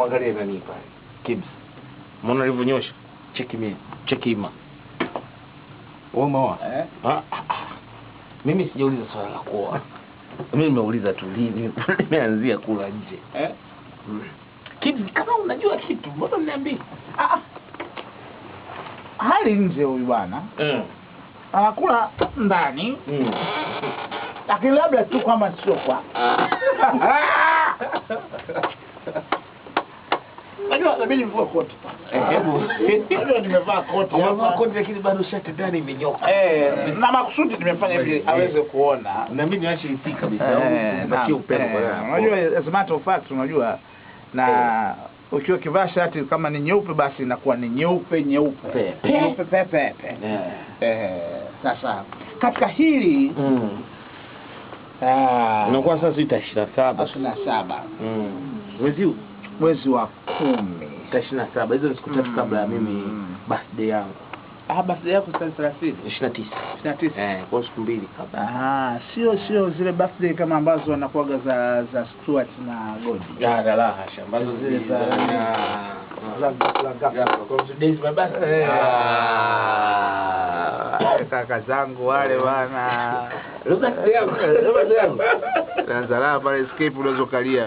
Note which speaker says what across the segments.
Speaker 1: Mwangalie nani pale. Kibs. Mbona alivyonyosha? Cheki mimi. Cheki ima. Wewe Eh? Ah, ah, ah. Mimi sijauliza swala la kuoa. Mimi nimeuliza tu lini nimeanzia kula nje. Eh? Kibs, kama unajua kitu, mbona niambie? Ah.
Speaker 2: Hali nje huyu bwana. Mm. Anakula ndani. Mm. Lakini labda tu kama sio kwa.
Speaker 1: Unajua inabidi mvue koti. hebu. Unajua nimevaa koti. Eh, Umevaa koti lakini bado shati ndani imenyoka. Eh, na makusudi nimefanya hivi aweze kuona. Na mimi niache ifika kabisa. Eh, Unakie
Speaker 2: eh, Unajua as a matter of fact unajua na ukiwa kivaa shati kama ni nyeupe basi inakuwa ni nyeupe nyeupe. Nyeupe pepe. Eh, sasa katika hili mm.
Speaker 1: Ah, unakuwa sasa 27.
Speaker 2: 27.
Speaker 1: Mm. Mwezi
Speaker 2: mwezi wa kumi
Speaker 1: tarehe ishirini na saba hizo ni siku tatu mm. kabla ya mimi birthday yangu.
Speaker 2: Ah, birthday yako tarehe thelathini ishirini na tisa ishirini na tisa
Speaker 1: eh, kwa siku mbili
Speaker 2: kabla. Ah, sio sio zile birthday kama ambazo wanakuaga za za Stuart na Godi.
Speaker 1: Ya la la hasha, ambazo zile za za ghafla ah. kwa my birthday. Eh. Ah. Kaka zangu wale bana. Lugha yangu, lugha yangu. Tanzania pale escape unaweza kalia.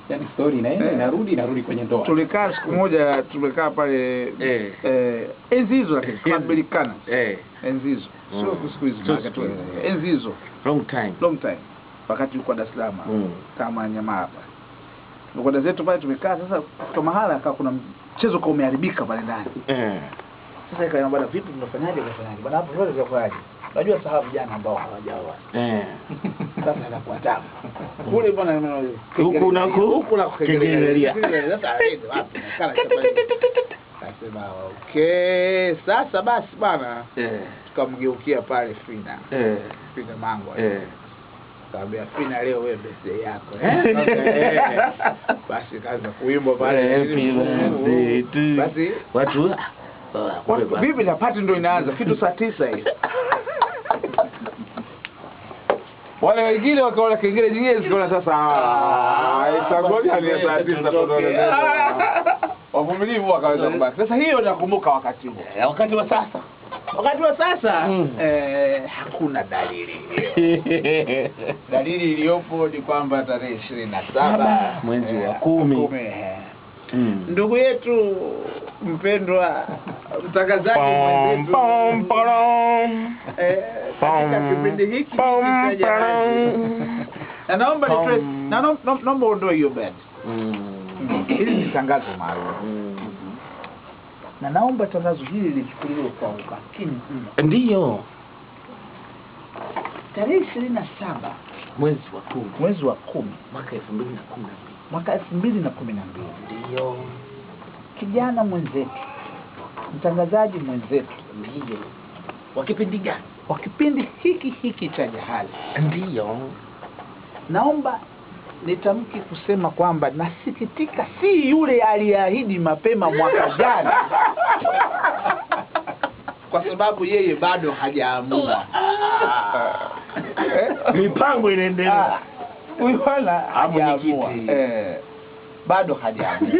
Speaker 1: yani story inaenda eh, inarudi inarudi kwenye ndoa.
Speaker 2: Tulikaa siku moja tumekaa pale eh, eh, enzi hizo lakini tunabirikana eh, enzi hizo mm, sio siku hizo tu enzi hizo long time long time, wakati uko Dar es Salaam mm, kama nyama hapa tuko Dar zetu pale tumekaa. Sasa kwa mahala akawa kuna mchezo kwa umeharibika pale ndani eh, sasa ikaona baada vipi, tunafanyaje tunafanyaje bana hapo sasa tunafanyaje Unajua sahau vijana ambao hawajaoa. Eh. Sasa inakuwa tamu. Mm. Kule bwana huku na huku na
Speaker 1: kukegelia. Sasa aende wapi?
Speaker 2: Akasema okay, sasa basi bwana. Eh. Tukamgeukia pale Fina. Eh. Fina Mango. Eh. Kaambia Fina, leo wewe birthday yako. Eh? Eh. Eh. Basi kaanza kuimba pale. Basi watu Bibi na pati ndo inaanza kitu saa tisa hiyo wale wengine wakaona kengele nyingine zikaona sasa itangoja ni saa tisa wavumilivu wakaweza eh. kubaki. Sasa hiyo nakumbuka wakati huo,
Speaker 1: eh, wakati wa sasa
Speaker 2: wakati wa sasa mm. eh, hakuna dalili dalili iliyopo ni kwamba tarehe ishirini na saba
Speaker 1: mwezi wa eh, kumi,
Speaker 2: hmm. ndugu yetu mpendwa mtangazaji mwenzetu kipindi hiki naomba uondoe hiyo bed. Mm. Hili ni tangazo maalum mm. na naomba tangazo hili lichukuliwe kwa ukakini Ndiyo, tarehe ishirini na saba
Speaker 1: mwezi wa kumi
Speaker 2: mwezi wa kumi
Speaker 1: mwaka elfu mbili na kumi na mbili
Speaker 2: mwaka elfu mbili na kumi na mbili ndiyo, kijana mwenzetu, mtangazaji mwenzetu,
Speaker 1: ndiyo wa kipindi gani?
Speaker 2: wa kipindi hiki hiki cha jahali. Ndiyo, naomba nitamki kusema kwamba nasikitika, si yule aliyeahidi mapema mwaka jana
Speaker 1: kwa sababu yeye bado hajaamua. Mipango inaendelea, ah,
Speaker 2: huyu wala hajaamua,
Speaker 1: eh, bado hajaamua.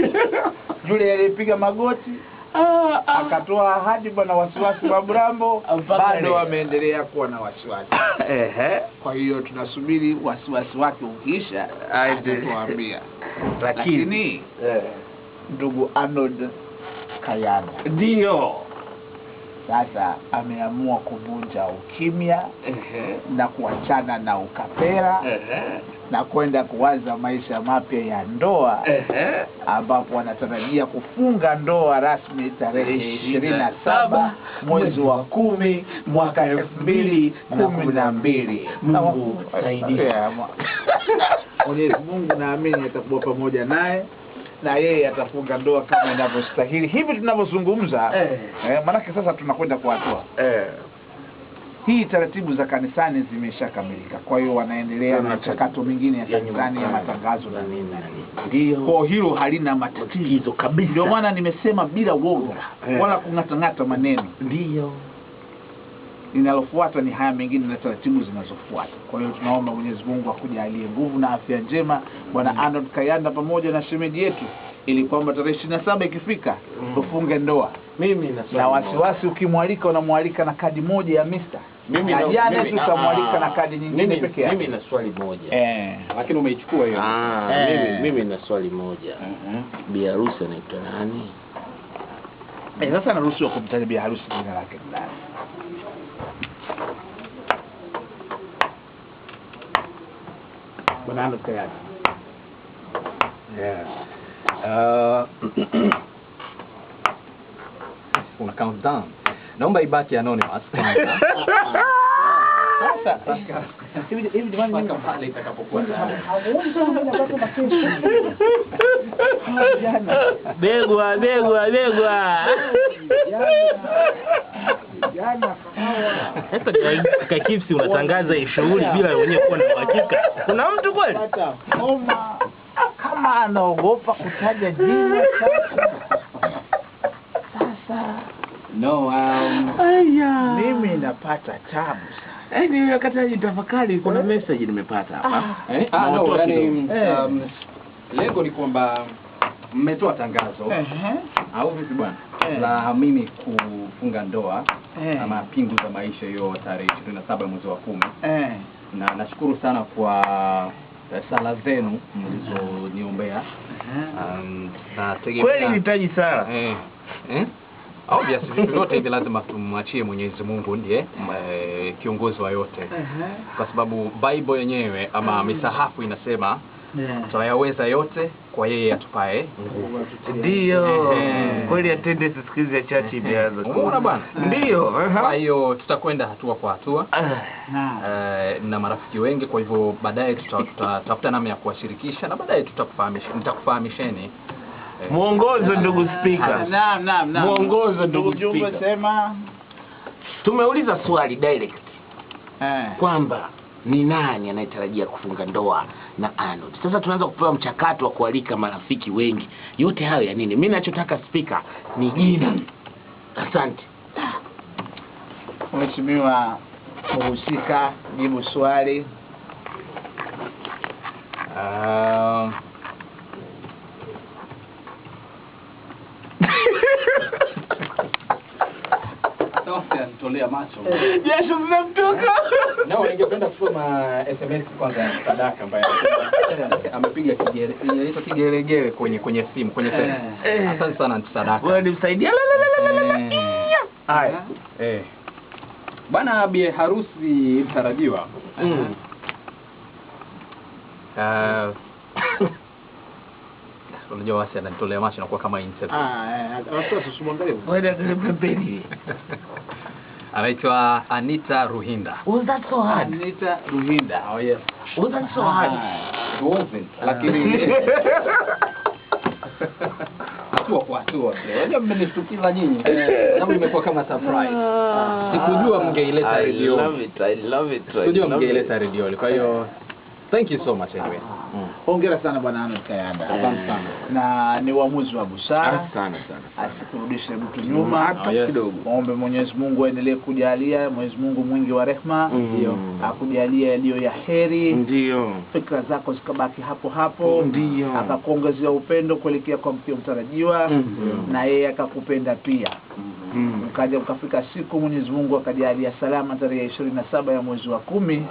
Speaker 2: Yule aliyepiga magoti Ah, ah. akatoa ahadi bwana, wasiwasi wa Brambo
Speaker 1: ah, bado wameendelea kuwa na wasiwasi. Ehe, kwa hiyo tunasubiri wasiwasi wake ukiisha, atatuambia. Lakini eh,
Speaker 2: ndugu Arnold Kayanda
Speaker 1: ndio
Speaker 2: sasa ameamua kuvunja ukimya na kuachana na ukapera na kwenda kuanza maisha mapya ya ndoa ambapo wanatarajia kufunga ndoa rasmi tarehe ishirini na saba mwezi wa kumi mwaka elfu mbili kumi na mbili. Mwenyezi Mungu naamini atakuwa pamoja naye na yeye atafunga ndoa kama inavyostahili hivi tunavyozungumza eh. Eh, maanake sasa tunakwenda kwa hatua eh. Hii taratibu za kanisani zimeshakamilika, kwa hiyo wanaendelea na michakato mingine ya kanisani ya matangazo na nini. Ndio kwa hilo halina
Speaker 1: matatizo kabisa,
Speaker 2: ndio maana nimesema bila woga eh. wala kung'atang'ata maneno ndio linalofuata ni haya mengine na taratibu zinazofuata. Kwa hiyo tunaomba Mwenyezi Mungu akujalie nguvu na afya njema Bwana Arnold Kayanda pamoja na shemeji yetu, ili kwamba tarehe ishirini na saba ikifika mm. tufunge ndoa. Mimi na wasiwasi, ukimwalika unamwalika na kadi moja ya mista mimi na jana tu kamwalika na kadi nyingine pekee
Speaker 1: yake. Mimi na swali moja
Speaker 2: eh, lakini umeichukua hiyo.
Speaker 1: Ah, eh. Mimi mimi na swali moja uh-huh. Bi harusi anaitwa nani?
Speaker 2: Eh, sasa anaruhusiwa kumtaja bi harusi jina lake nani? બનાન કર્યા છે
Speaker 1: on le count down. Naomba ibaki anonymous. Begwa, begwa, begwa. Sasa kakipsi unatangaza shughuli bila wenyewe kuwa na uhakika. Kuna mtu kweli?
Speaker 2: Kama anaogopa kutaja jina sasa.
Speaker 1: no, um,
Speaker 2: Aya. Mimi napata tabu sana. Eh, wakati najitafakari kuna message nimepata hapa. Ah.
Speaker 1: Eh, ah, no, yani, um, eh. um, lengo ni kwamba mmetoa tangazo uh -huh. au vipi bwana uh eh. -huh. mimi kufunga ndoa uh eh. -huh. ama pingu za maisha hiyo tarehe ishirini na saba mwezi wa kumi uh eh. -huh. na nashukuru sana kwa sala zenu mlizoniombea
Speaker 2: um, kweli nitaji sala eh.
Speaker 1: vyote hivi lazima tumwachie Mwenyezi Mungu ndiye kiongozi wa yote, kwa sababu Bible yenyewe ama ah. misahafu inasema tunayaweza yote kwa yeye atupae
Speaker 2: ndio kweli, attendance siku hizi ya chachi imeanza, unaona bwana. Ndio,
Speaker 1: kwa hiyo tutakwenda hatua kwa hatua ah. eh, na marafiki wengi, kwa hivyo baadaye tutatafuta namna ya kuwashirikisha na baadaye tutakufahamisha, nitakufahamisheni eh.
Speaker 2: mwongozo, ndugu spika.
Speaker 1: Naam, naam,
Speaker 2: naam, mwongozo ndugu spika. Sema
Speaker 1: tumeuliza swali direct eh. kwamba ni nani anayetarajia kufunga ndoa na Arnold. Sasa tunaanza kupewa mchakato wa kualika marafiki wengi, yote hayo ya nini? Mimi ninachotaka spika ni jina. Asante
Speaker 2: Mheshimiwa mhusika, jibu swali. Uh... kukolea macho. Jasho zinamtoka.
Speaker 1: Na ningependa kusoma SMS kwanza ya Sadaka ambaye amepiga kigere, inaitwa kigeregere kwenye kwenye simu, kwenye eh. simu. Eh. Asante sana Aunty Sadaka.
Speaker 2: Wewe nimsaidia. Eh. Hai. Eh.
Speaker 1: Bwana bi harusi mtarajiwa. Mm. Uh, unajua wasi ananitolea macho na kuwa kama Ah, eh, Wewe ndio pembeni. anaitwa Anita Ruhinda.
Speaker 2: Was that so hard?
Speaker 1: Anita Ruhinda.
Speaker 2: Oh yes. Was that so hard? It
Speaker 1: wasn't. Lakini hatua kwa hatua. Unajua mmenishtukiza nyinyi. Kama imekuwa kama surprise. Ah. Sikujua mngeileta redio.
Speaker 2: I love it. I love it.
Speaker 1: Sikujua mngeileta redio. Kwa hiyo Thank you so much anyway.
Speaker 2: Mm. Hongera sana bwana Ahmed Kayanda. Eh. Asante sana. Na ni uamuzi wa busara. Asante sana. Asikurudishe mtu nyuma mm, hata oh, kidogo. Muombe Mwenyezi Mungu aendelee kujalia, Mwenyezi Mungu mwingi wa rehema, ndio mm. akujalia yaliyo ya heri.
Speaker 1: Ndio.
Speaker 2: Fikra zako zikabaki hapo hapo. Ndio. Akakuongezea upendo kuelekea kwa mke mtarajiwa na yeye akakupenda pia mkaja mm. mkafika siku Mwenyezi Mungu akajalia salama tarehe ishirini na saba ya mwezi wa kumi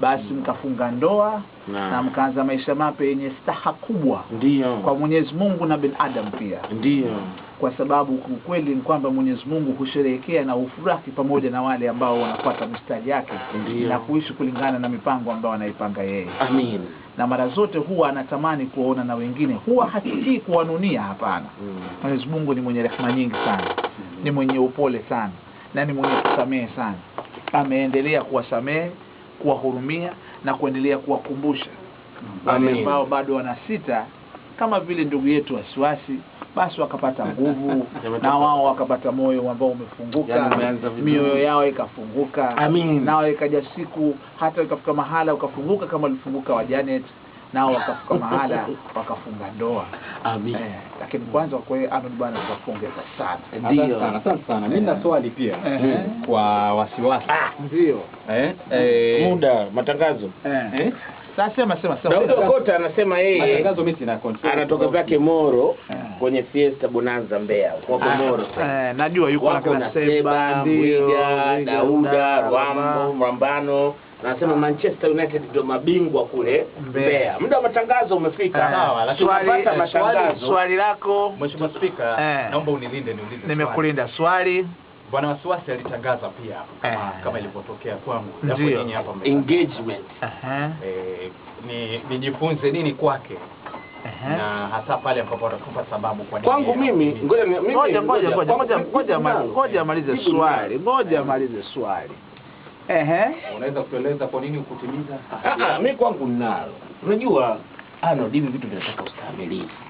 Speaker 2: basi mkafunga ndoa na, na mkaanza maisha mapya yenye staha kubwa Ndiyo. kwa Mwenyezi Mungu na binadamu pia Ndiyo. kwa sababu ukweli ni kwamba Mwenyezi Mungu husherehekea na ufurahi pamoja na wale ambao wanafuata mistari yake Ndiyo. na kuishi kulingana na mipango ambayo anaipanga yeye Amin na mara zote huwa anatamani kuwaona na wengine, huwa hasikii kuwanunia. Hapana, mm. Mwenyezi Mungu ni mwenye rehema nyingi sana, mm. ni mwenye upole sana, na ni mwenye kusamehe sana. Ameendelea kuwasamehe, kuwahurumia na kuendelea kuwakumbusha wale ambao bado wana sita kama vile ndugu yetu wasiwasi, basi wakapata nguvu na wao wakapata moyo ambao umefunguka, mioyo yao ikafunguka, nao ikaja siku hata ikafika mahala ukafunguka kama walifunguka wa Janet nao wakafika mahala wakafunga ndoa Eh, lakini kwanza kwa kweli Arnold bwana tukapongeza
Speaker 1: sana, sana sana. Mimi na swali pia eh. kwa wasiwasi, ah, ndio eh, muda eh, matangazo eh,
Speaker 2: eh. Sasa sema sema.
Speaker 1: Daudi Okota anasema yeye anatoka zake Moro eh. kwenye Fiesta Bonanza Mbeya. Wako ah, Moro.
Speaker 2: Eh, najua yuko
Speaker 1: na kana Mwiga, Dauda, Rwambo, Rambano. Anasema ah. Manchester United ndio mabingwa kule Mbeya. Muda wa matangazo umefika. Ah,
Speaker 2: sawa, lakini tunapata matangazo. Swali lako
Speaker 1: Mheshimiwa Spika, eh. naomba unilinde niulize.
Speaker 2: Nimekulinda swali.
Speaker 1: Bwana Wasiwasi alitangaza pia kama, eh. kama ilivyotokea kwangu
Speaker 2: hapa
Speaker 1: engagement uh -huh. e, ni nijifunze nini kwake uh -huh. na hasa pale ambapo atakupa sababu kwa nini
Speaker 2: kwangu mimi ngoja mimi ngoja ngoja ngoja ngoja ngoja amalize swali ngoja eh. amalize swali ehe
Speaker 1: unaweza kueleza kwa nini ukutimiza mimi ah, ah, kwangu ninalo unajua ano dini vitu vinataka ustahimilivu